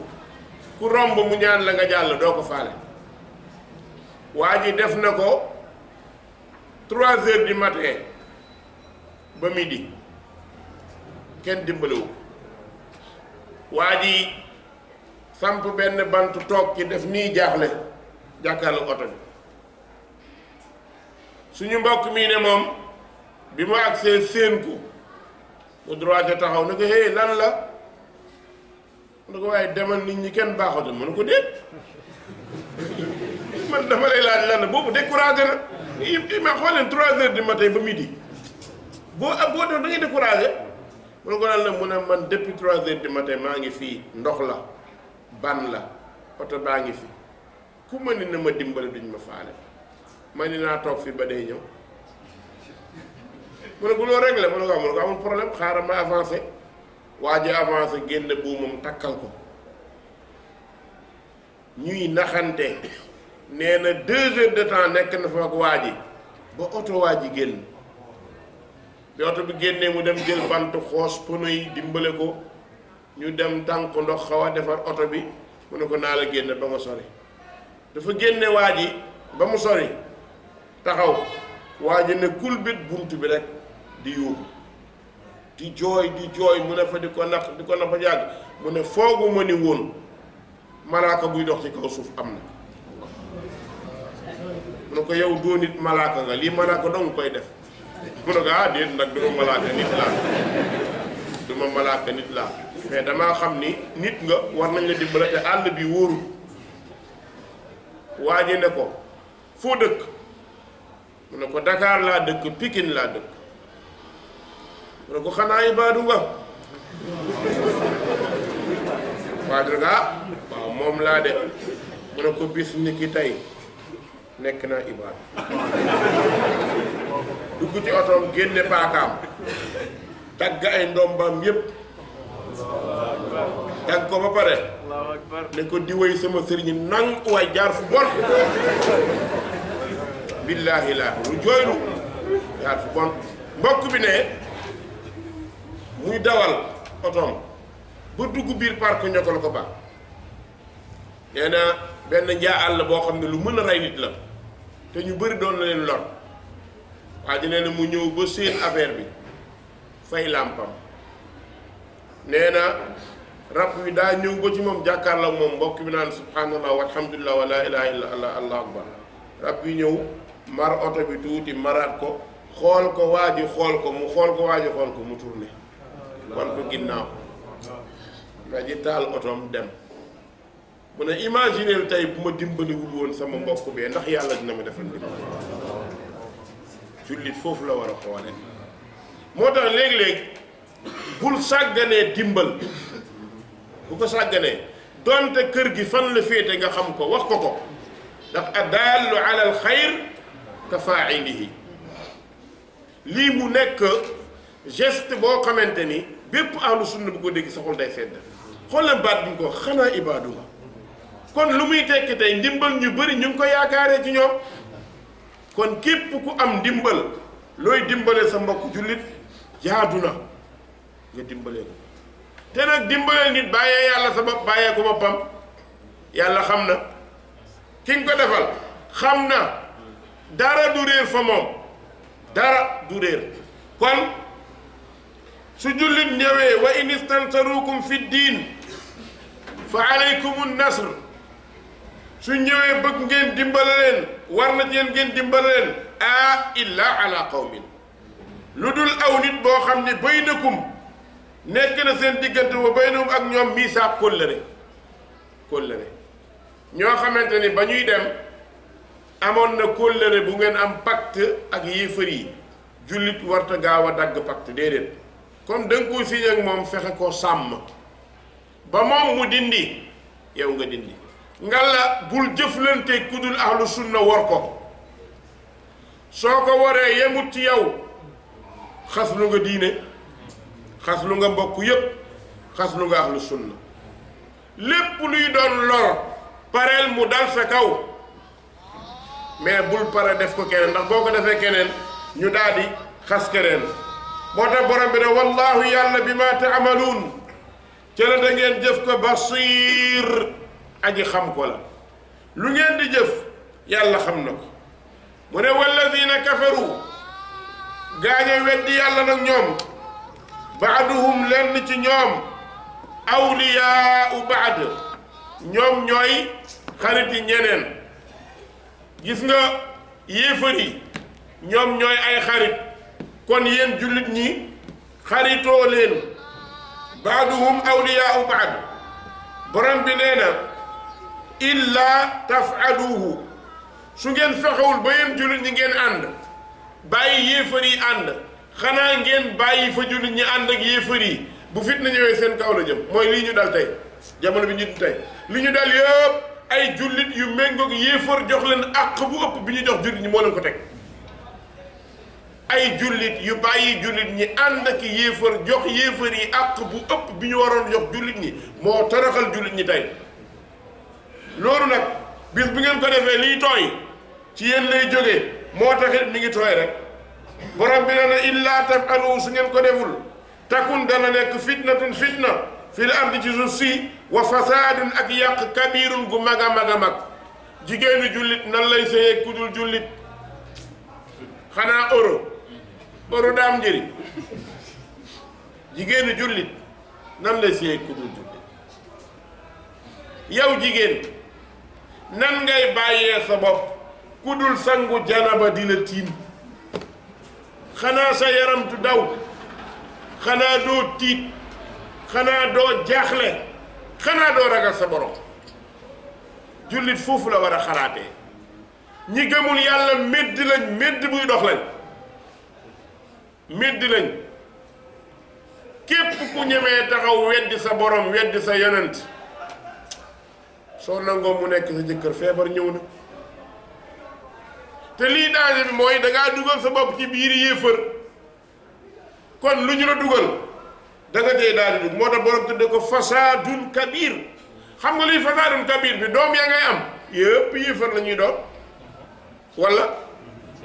ku romb mu ñaan la nga jàll doo ko faale waa ji def na ko trois heures du matin ba midi kenn dimbalewu waa ji samp benn bant toog ci def nii jaaxle jàkkaarlu oto bi suñu mbokk mii ne moom bi ma agsee séen ko mu droite taxaw ne ko hey lan la mu ne ko waaye demal nit ñi kenn baaxote mu ne ko déet man dama lay laaj lan la boobu découragé na i ma xool leen trois heures du matin ba midi boo ab ah, boo def da ngay découragé mu ne ko lan la mu ne man depuis trois heures du matin maa ngi fii ndox la ban la oto baa ngi fi ku ma ni na ma dimbale duñ ma faale ma ni naa toog fii ba day ñëw mu ne bu loo réglé mu ne ko amul ko problème xaaral ma avancé waa ji avancé génn buumam takkal ko ñuy naxante nee na deux heures de temps nekk na fa waa ji ba oto waa ji génn bi oto bi génnee mu dem jël bant xoos pono yi dimbale ko ñu dem tànk ndox xaw a defar oto bi mu ne ko naa la génn ba nga sori dafa génne waa ji ba mu sori taxaw waa ji ne kulbit bunt bi rek di yuuxu di jooy di jooy mu ne fa di ko nax di ko nax ba yàgg mu ne foogu ni woon malaaka buy dox ci kaw suuf am na mu ne ko yow doo nit malaaka nga lii malaaka dong koy def mu ne ko ah déet nag duma malaaka nit laa duma malaaka nit laa mais damaa xam ni nit nga war nañ la dimbale te àll bi wóorul waa ji ne ko foo dëkk mu ne ko Dakar laa dëkk Pikine laa dëkk mu ne ko xanaa ibaadu nga waa dëgg ah, waaw moom laa de mu ne ko bis ni ki tey nekk naa ibaadu dugg ci otoom génne paakaam dagg ay ndombaam yépp dagg ko ba pare ne ko di wéy sama sëriñ nang waay jaar fu bon billaahi laa lu jooylu yaa fi bon mbokk bi ne muy dawal otoom ba dugg biir parc ñokal ko ba nee na benn njaa àll boo xam ne lu mën a rey nit la te ñu bëri doon na leen lor waa ji nee na mu ñëw ba seen affaire bi fay làmpam nee na rab wi daa ñëw ba ci moom jàkkaarloo moom mbokk bi naan subhanallah walhamdulillah wa la ilaha illa allah allahu akbar rab wi ñëw mar oto bi ko xool ko waa ji xool ko mu xool ko waa ji xool ko mu tourné wan ko ginnaaw na ji taal otoom dem mu ne imagineel tey bu ma dimbaliwul woon sama mbokk bee ndax yàlla dina ma defal dimbali jullit foofu la war a xoole moo tax léeg-léeg bul sàgganee dimbal bu ko sàgganee donte kër gi fan la féete nga xam ko wax ko ko ndax addaallu ala al xayr ka faa'ilihi lii mu nekk gest boo xamante ni bépp ahlu sunna bu ko dégg sa xol day sedd xooleen baat bi ñu ko xanaa ibaadu kon lu muy tekki tey ndimbal ñu bari ñu ngi ko yaakaaree ci ñoom kon képp ku am ndimbal looy dimbalee sa mbokk jullit jaadu na nga dimbalee ko te nag dimbaleel nit bàyyee yàlla sa bopp bàyyee ko boppam yàlla xam na ki nga ko defal xam na dara du réer fa moom dara du réer kon su jullit ñëwee wa in fi diin fa alaykumu nasr su ñëwee bëgg ngeen dimbale leen war na yéen ngeen dimbale leen ah illa ala qawmin lu dul aw nit boo xam ne baynakum nekk na seen diggante wa baynahum ak ñoom miisaab kóllëre kóllëre ñoo xamante ni ba ñuy dem amoon na kóllëre bu ngeen am pacte ak yéefar yi jullit warta gaaw a dagg pacte déedéet comme da nga ak moom fexe ko sàmm ba moom mu dindi yow nga dindi nga la bul jëflante ku dul ahlu sunna war ko soo ko waree yemut ci yow xas lu nga diine xas lu nga mbokk yépp xas lu nga ahlu sunna lépp luy doon lor pareel mu dal sa kaw mais bul pare def ko keneen ndax boo ko defee keneen ñu daal di xas keneen moo borom bi ne wallahu yàlla bi ma te ca la da ngeen jëf ko basiir aji xam ko la lu ngeen di jëf yàlla xam na ko mu ne walladina kafaru gaañe weddi yàlla nag ñoom baaduhum lenn ci ñoom awliyaau baad ñoom ñooy xarit yi ñeneen gis nga yéefar ñoom ñooy ay xarit kon yéen jullit ñi xaritoo leen baaduhum awliyaau baad borom bi nee na illa tafaluhu su ngeen fexewul ba yéen jullit ñi ngeen ànd bàyyi yéefar yi ànd xanaa ngeen bàyyi fa jullit ñi ànd ak yéefar yi bu fitna ñëwee seen kaw la jëm mooy lii ñu dal tey jamono bi ñu tey li ñu dal yëpp ay jullit yu méngoog yéefar jox leen àq bu ëpp bi ñu jox jullit ñi moo leen ko teg ay jullit yu bàyyi jullit ñi ànd ak yéefar jox yéefar yi àq bu ëpp bi ñu waroon jox jullit ñi moo taraxal jullit ñi tey loolu nag bis bi ngeen ko defee liy tooy ci yéen lay jógee moo taxit mi ngi tooy rek borom bi nee na illaa tafalu su ngeen ko deful takun dana nekk fitnatun fitna fil ardi ci suuf si wa fasaadin ak yàq kabirun gu mag a mag a mag jigéenu jullit nan lay sëyee ku dul jullit xanaa oro oro daam njëriñ jigéenu jullit nan lay sëyee ku dul jullit yow jigéen nan ngay bàyyee sa bopp ku sangu janaba di tiim xanaa sa yaram daw xanaa doo tiit xanaa doo jaaxle xanaa doo ragal sa borom jullit foofu la war a xalaatee ñi gëmul yàlla médd lañ médd buy dox lañ médd lañ képp ku ñemee taxaw weddi sa borom weddi sa yonent soo nangoo mu nekk sa jëkkër feebar ñëw na te lii danger bi mooy dangaa dugal sa bopp ci biir yéefar kon lu ñu la dugal da nga dee daal di dugg moo tax borom tudde ko fasaadun kabir xam nga luy fasaadun kabir bi doom yaa ngay am yëpp yéefar la ñuy doon wala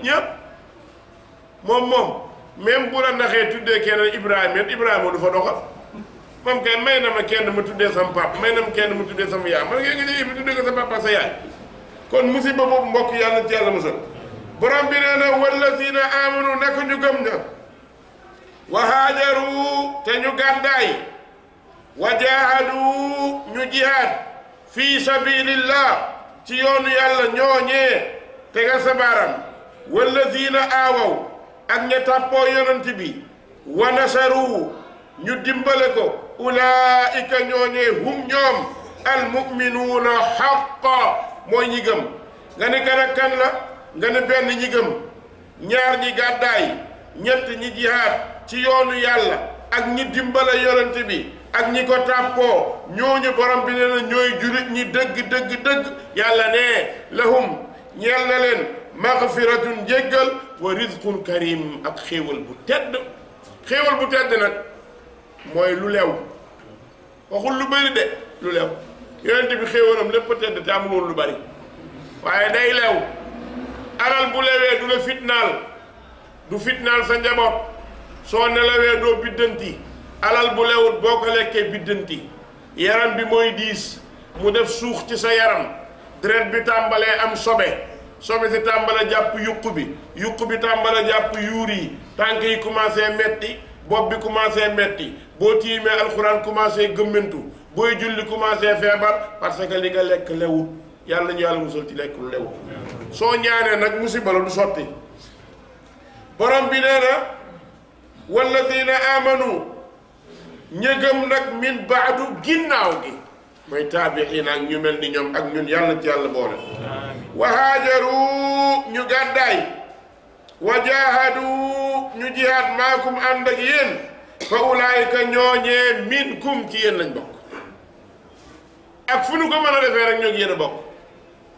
ñëpp moom moom même bu la naxee tuddee kenn Ibrahima it Ibrahima du fa doxal moom kay may na ma kenn ma tuddee sama papa may na ma kenn ma tuddee sama sa yaay kon musiba boobu mbokk yàlla ci yàlla musal borom bi nee na amanu naka ñu gëm wa haajaru te ñu gàddaay wa jaahadu ñu jihaad fii sabilillah ci yoonu yàlla ñooñee tega sa baaram wallazina aawaw ak ña tàppoo yonent bi wa nasaru ñu dimbale ko ulaika ñooñee hum ñoom almuminuuna xaqa mooy ñi gëm nga ne kan ak nga ne benn ñi gëm ñaar ñi gàddaay ñett ñi jihaad ci yoonu yàlla ak ñi dimbale yonent bi ak ñi ko tàppoo ñooñu borom bi nee na ñooy jurit ñi dëgg dëgg dëgg yàlla ne lahum ñeel na leen magfiratun jéggal wa rizqun karim ak xéewal bu tedd xéewal bu tedd nag mooy lu leew waxul lu bari de lu lew yonent bi xéewalam lépp tedd te amul woon lu bëri waaye day leew alal bu lewee du la fitnaal du fitnaal sa njaboot soo nelawee doo biddanti alal bu lewut boo ko lekkee biddanti yaram bi mooy diis mu def suux ci sa yaram deret bi tàmbalee am sobe sobe si tàmbale jàpp yuq bi yuq bi tàmbale jàpp yuur yi tànk yi commencé metti bopp bi commencé metti boo tiimee alxuraan commencé gëmmantu booy julli commencé feebar parce que li nga lekk lewut yàlla ñu yàlla musal ci lekk lu lewut soo ñaanee nag musiba la du sotti borom bi nee na walladina amanu ña gëm nag min baadu ginnaaw gi mooy taabixiin ak ñu mel ni ñoom ak ñun yàlla ci yàlla boole wa haajaru ñu gàddaay wa jaahadu ñu jihaad maakum ànd ak yéen fa ulaayika ñooñee minkum ci yéen lañ bokk ak fu nu ko mën a defee rek ñoo ngi yéen bokk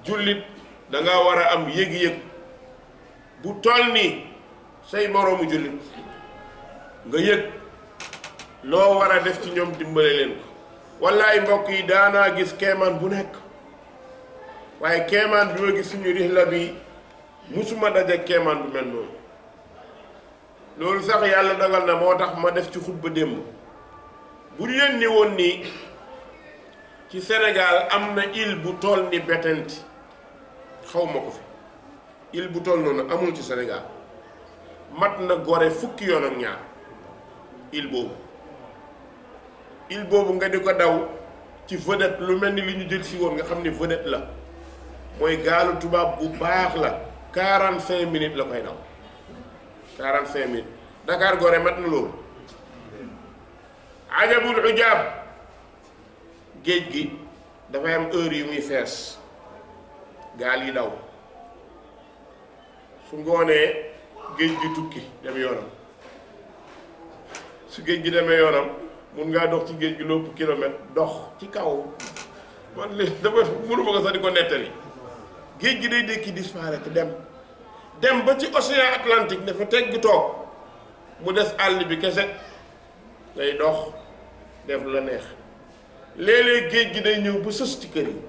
jullit da war a am yëg-yëg bu toll nii say moroomu jullit nga yëg loo war a def ci ñoom dimbale leen ko wallaay mbokk yi daanaa gis keemaan bu nekk waaye kemaan bi ma gis suñu rihla bi musuma daje keemaan bu mel noonu loolu sax yàlla dogal na moo tax ma def ci xutba démb bu leen ni woon nii ci Sénégal am na île bu toll ni Bettenty xaw ko fi île bu toll noonu amul ci senegaal mat na Gorée fukki yoon ak ñaar île boobu île boobu nga di ko daw ci vedette lu mel ni li ñu jël si woon nga xam ni vedette la mooy gaalu tubaab bu baax la quarant cinq minutes la koy daw quarante cinq minutes Dakar Gorée mat na loolu ajabul ujaab géej gi dafay am heure yu muy fees gaal yi daw fu ngoonee géej gi tukki dem yoonam su géej gi demee yoonam mun ngaa dox ci géej gi lópp kilomètre dox ci kaw man li dama mënuma ko sax di ko nettali géej gi day dékki disparaître dem dem ba ci océan atlantik dafa tegg toog mu des àll bi kese ngay dox def la neex léeg-léeg géej gi day ñëw bu sës ci kër yi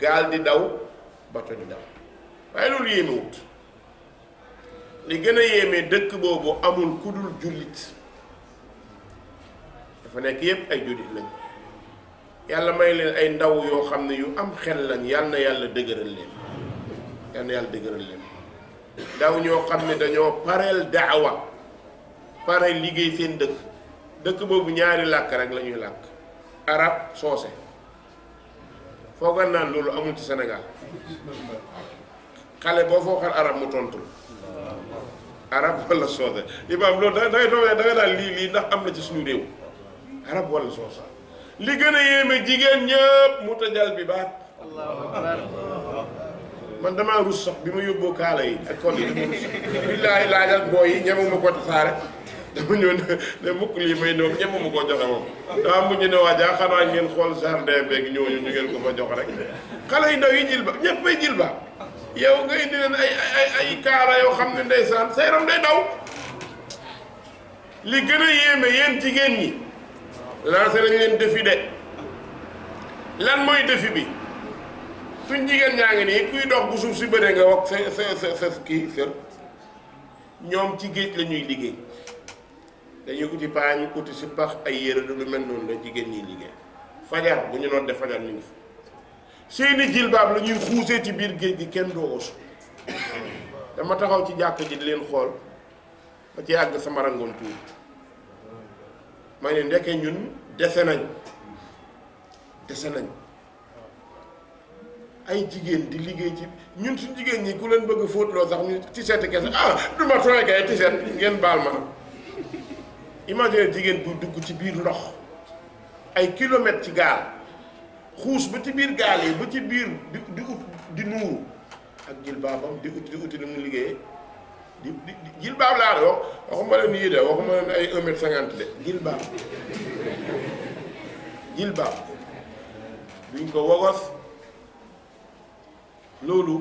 gaal di daw bato di daw waaye loolu yéemewut li gën a yéeme dëkk boobu amul ku dul jullit fa nekk yépp ay jullit lañ yàlla may leen ay ndaw yoo xam ne yu am xel lañ yàlla na yàlla dëgëral leen yàlla na yàlla leen ndaw ñoo xam ne dañoo pareel daawa pareel liggéey seen dëkk dëkk boobu ñaari làkk rek lañuy ñuy làkk arab soose foogal naan loolu amul ci senegal xale boo fooxal arab mu tontu arab wala soose imaam loolu da ngay lii lii ndax am na ci suñu réew arab wala soosa li gën a yéeme jigéen ñëpp mu tajal bi baat man damaa rus sax bi ma yóbboo kaala yi ak kol yi billaahi laajal booy yi ñemuma ko tasaare dama ñëw ne mukk lii may doom ñemuma ko joxe moom dama mujj ne waajaa xanaa ngeen xool jardin beeg ñooñu ñu ngeen ko fa jox rek xale yi ndaw yi jilba ñëpp may jilba yow nga indi leen ay ay ay kaala yoo xam ne ndeysaan sa yaram day daw li gën a yéeme yéen jigéen ñi lancé nañ leen défi de lan mooy défi bi suñ jigéen ñaa ngi nii kuy dox bu suuf si bëree nga wax sa sa sa kii sër ñoom ci géej lañuy liggéey dañuy uti paañ uti si pax ay yére du lu mel noonu la jigéen ñiy liggéey fajar bu ñu noon def fajar ñu ngi fi seeni jilbaab la ñuy xuusee ci biir géej gi kenn doo osu dama taxaw ci jàkk ji di leen xool ba ci àgg sama rangoon tuur ma ne ndeke ñun dese nañ dese nañ ay jigéen di liggéey ci ñun suñ jigéen ñi ku leen bëgg fóotloo sax ñu tiset kese ah du ma tooy kay tiset ngeen baal ma nag jigéen bu dugg ci biir ndox ay kilomètres ci gaal xuus ba ci biir gaal yi ba ci biir di di ut di nuuru ak jël baabam di ut di uti li mu liggéeyee di di jilbaab laa de wax waxuma leen ko wogos loolu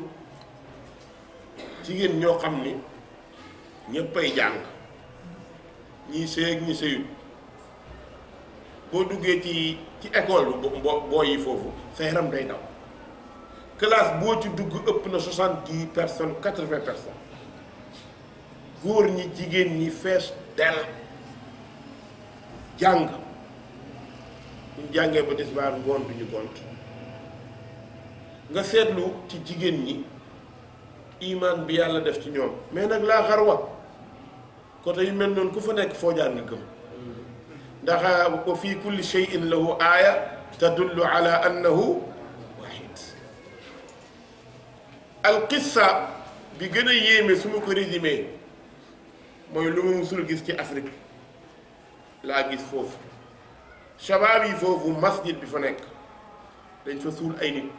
jigéen ñoo xam ni ñëppay jàng ñii sëy ak ñi sëyut boo duggee ci ci école bi bo boo yi foofu sa yaram day daw classe boo ci dugg ëpp na soixante-dix personnes quatre-vingts personnes góor ñi jigéen ñi fees del jàng ñu jàngee ba tisbaar ngoon du gont nga seetlu ci jigéen ñi imaan bi yàlla def ci ñoom mais nag laa xarwa côté yu mel noonu ku fa nekk foo jaar nga gëm ndax wa fii kulli shay'in lahu aaya tadullu ala annahu al qissa bi gën a yéeme su ma ko résumé mooy lu mu musul gis ci Afrique laa gis foofu shabaab yi foofu masjid bi fa nekk dañ fa suul ay nit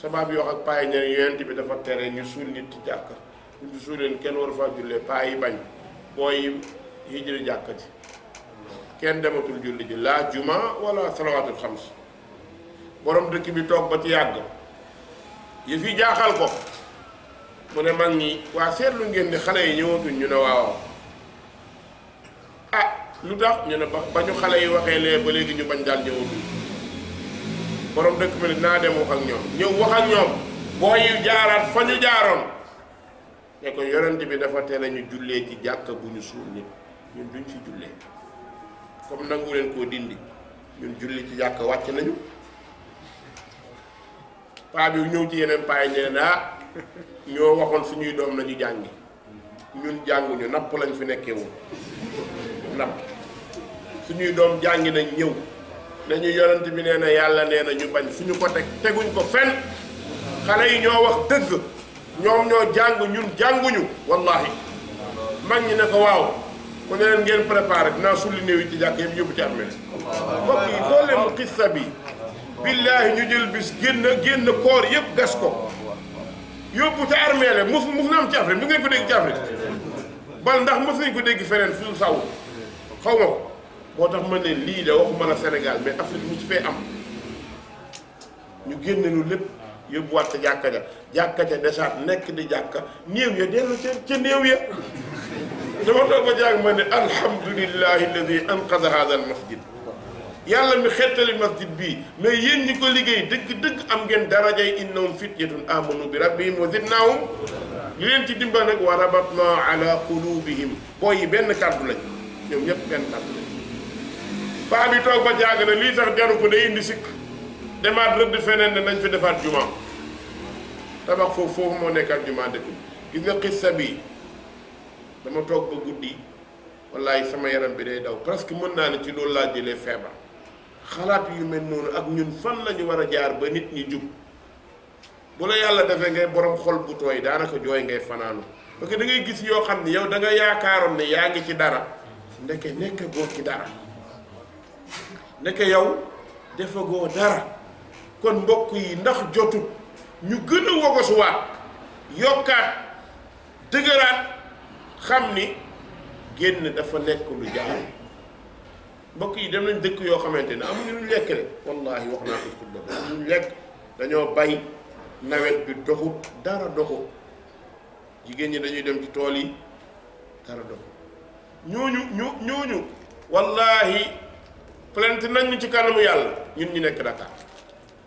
shabaab yoo ak paa yi ñeneen bi dafa tere ñu suul nit ci ñu suuleen kenn waru faa jullee paa yi bañ booy yi jëli jàkka ji kenn dematul julli ji laa juma wala salawaatul xams borom dëkk bi toog ba ci yàgg yëf yi jaaxal ko mu ne mag ñi waa seetlu ngeen ni xale yi ñëwatuñ ñu ne waaw ah lu tax ñu ne ba ba ñu xale yi waxee lee ba léegi ñu bañ daal ñëwatuñ borom dëkk bi naa dem wax ak ñoom ñëw wax ak ñoom boo yi jaaraat fa ñu jaaroon ne ko yonent bi dafa tere ñu jullee ci jàkka bu ñu suul nit ñun duñ ci jullee comme nangu leen koo dindi ñun julli ci jàkka wàcc nañu paa bi ñëw ci yeneen paa yi ñu ne ah. ñoo waxoon suñuy doom nañu jàngi ñun jànguñu napp lañ fi nekkee woon napp suñuy doom jàngi nañ ñëw nañu yonent bi nee yàlla nee na ñu bañ suñu ko teg teguñ ko fenn xale yi ñoo wax dëgg ñoom ñoo jàng ñun jànguñu wallahi mag ñi ko waaw ku ne leen ngeen préparé dinaa sulli néew yi ci jàkk yëpp yóbbu ci armée mbokk yi doo leen xissa bi billaahi ñu jël bis génn génn koor yëpp gas ko yóbbu ca armée la mos mos na am ci Afrique mos nañ ko dégg ci Afrique bal ndax mos nañ ko dégg feneen fu saw xaw ma ko moo tax ma ne lii de waxuma la Sénégal mais Afrique mu ci fee am ñu génne lu lépp yóbbuwaat ca jàkka ja jàkka ja déjà nekk di jàkka néew ya dellu ca ca néew ya dama toog ba jàng ma ne alhamdulillahi alladi anqada hada masjid yàlla mi xettali masjid bi mais yéen ñi ko liggéey dëgg-dëgg am ngeen darajay innahum fityatun amanu bi rab rabbihim wa zidnaahum li leen ci dimbal nag wa rabatna ala qulubihim boo yi benn kàddu lañ ñoom ñëpp benn kàddu lañ paa bi toog ba jaaga na lii tax jaru ko day indi sikk demaat rëdd feneen ne nañ fi defaat jumaa tabax foofu foofu moo nekk ak jumaa dëkk bi nga xissa bii dama toog ba guddi wallaay sama yaram bi day daw presque mën naa ne ci loolu laa jëlee feebar xalaat yu mel noonu ak ñun fan lañu war a jaar ba nit ñi jub bu la yàlla defee ngay borom xol bu tooy daanaka jooy ngay fanaanu parce que dangay gis yoo xam ne yow da nga yaakaaroon ne yaa ngi ci dara ndeke nekk goo ci dara ndeke yow defagoo dara kon mbokk yi ndax jotu ñu gën a wogosuwaat yokkaat dëgëraat xam ni génn dafa nekk lu jaam mbokk yi dem nañ dëkk yoo xamante ne amuñu luñ lekk de wallaahi wax naa ko ci boppam luñ lekk dañoo bay nawet bi doxut dara doxut ñi dañuy dem ci tool yi dara doxut ñooñu ñu ñooñu wallaahi plainte ci kanamu yàlla ñun ñu nekk Dakar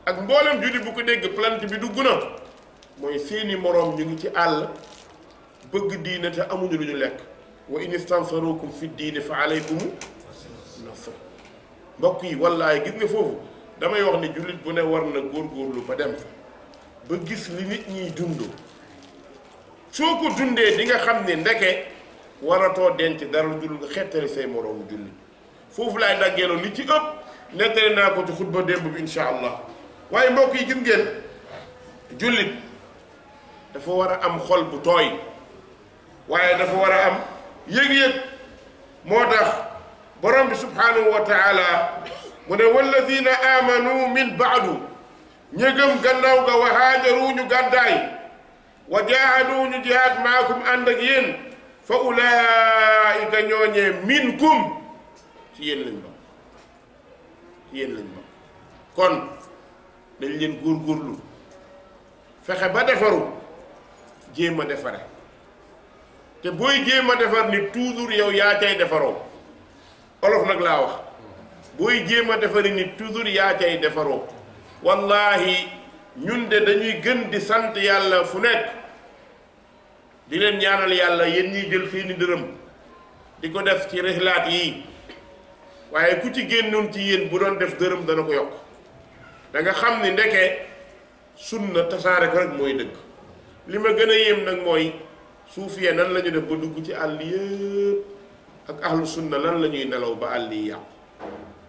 ak mboolem judi bu ko dégg plant bi du na mooy seeni moroom ñu ngi ci àll bëgg diine te amuñu lu ñu lekk wa in fi diine fa alaykumu mbokk yi wallaay gis nga foofu damay wax ne jullit bu ne war na góorgóorlu ba dem fa ba gis li nit ñiy dund soo ko dundee di nga xam ne ndeke waratoo denc dara dul nga xettali say moroomu jullit foofu laay daggeeloo li ci ëpp nettali naa ko ci xutba démb bi insha allah waaye mbokk yi gis ngeen jullit dafa war a am xol bu tooy waaye dafa war a am yëg-yëg moo tax borom bi subhanahu wa taala mu ne walladina amanu min baadu ñi gëm gannaaw ga wa haajaru ñu gàddaay wa jaahadu ñu jihaad maakum ànd ak yéen fa ulaayika ñooñee minkum ci yéen lañ ci yéen lañ kon dañ leen góorgóorlu fexe ba defaru jéem a defare te booy jéem a defar ni toujours yow yaa cay defaroo olof nag laa wax booy jéem a defari nit toujours yaa cay defaroo wallaahi ñun de dañuy gën di sant yàlla fu nekk di leen ñaanal yàlla yéen ñuy jël fii seeni dërëm di ko def ci rihlaat yi waaye ku ci génnoon ci yéen bu doon def dërëm dana ko yokk danga xam ni ndeke sunna tasaare ko rek mooy dëgg li ma gën a yéem nag mooy suufiya nan lañu ñu def ba dugg ci àll yëpp ak ahlu sunna lan la ñuy nelaw ba àll yi yàqu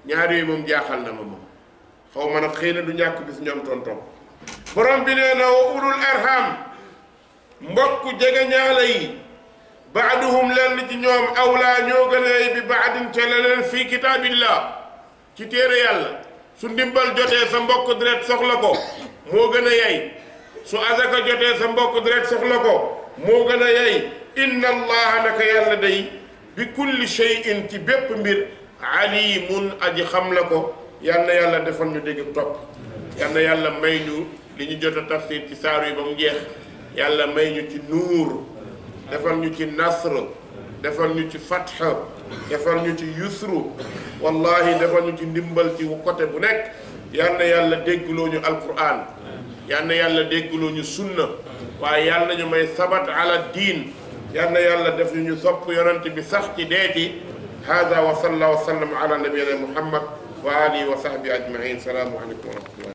ñaar yooyu moom jaaxal na ma moom xaw ma nag xëy na du ñàkk bis ñoom tonton borom bi nee na wa ulul arham mbokk jege ñaala yi baaduhum lenn ci ñoom awlaa ñoo gënee bi baadin leneen fii kitaabillah ci téere yàlla su ndimbal jotee sa mbokk deret soxla ko moo gën a yay su azaka jotee sa mbokk deret soxla ko moo gën a yay inna naka yàlla day bi kulli shay'in ci bépp mbir alimun aji xam la ko yàlla yàlla defal ñu dégg topp yal yàlla may ñu li ñu jot a tafsir ci saar yi ba mu jeex yàlla may ñu ci nuur defal ñu ci nasr defal ñu ci fath defal ñu ci yusru wallahi defal ñu ci ndimbal ci côté bu nekk yal yàlla déggloo ñu alquran yal na yàlla déggloo ñu sunna waaye yal na ñu may sabat ala diin yal na yàlla def ñu ñu sopp yonent bi sax ci dee ci hada wa salla wa sallam ala nabiyina muhammad wa alihi wa sahbi ajmain salaamu aleykum wa rahmatullah